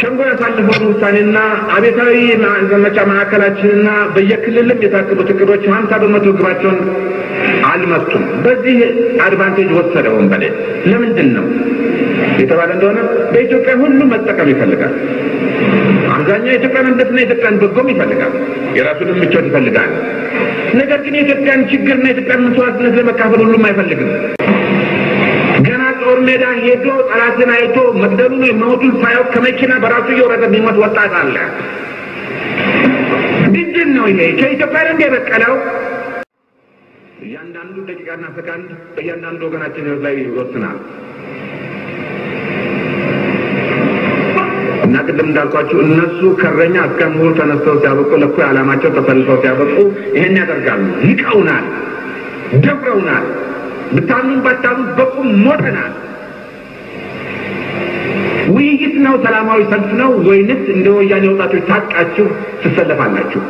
ሸንጎ ያሳለፈውን ውሳኔና አቤታዊ ዘመቻ ማዕከላችንና በየክልልም የታቀዱት እቅዶች ሀምሳ በመቶ ግባቸውን አልመቱም። በዚህ አድቫንቴጅ ወሰደ ወንበዴ። ለምንድን ነው የተባለ እንደሆነ በኢትዮጵያ ሁሉ መጠቀም ይፈልጋል። አብዛኛው የኢትዮጵያ አንድነትና የኢትዮጵያን በጎም ይፈልጋል፣ የራሱንም ምቾት ይፈልጋል። ነገር ግን የኢትዮጵያን ችግርና የኢትዮጵያን መስዋዕትነት ለመካፈል ሁሉም አይፈልግም። ጦር ሜዳ ሄዶ ጠላትን አይቶ መግደሉን መሞቱን ሳያውቅ ከመኪና በራሱ እየወረደ የሚሞት ወጣት አለ። ምንድን ነው ይሄ? ከኢትዮጵያ እንደ የበቀለው እያንዳንዱ ደቂቃና ሰካንድ በእያንዳንዱ ወገናችን ላይ ይወስናል እና ቅድም እንዳልኳችሁ እነሱ ከረኛ እስከ ምሁር ተነስተው ሲያበቁ ለኩ ዓላማቸው ተሰልፈው ሲያበቁ ይሄን ያደርጋሉ። ይቀውናል፣ ደፍረውናል። ብታምኑም ባታምኑ በቁም ሞተናል። ነው ሰላማዊ ሰልፍ ነው ወይንስ እንደ ወያኔ ወጣቶች ታጥቃችሁ ትሰለፋላችሁ?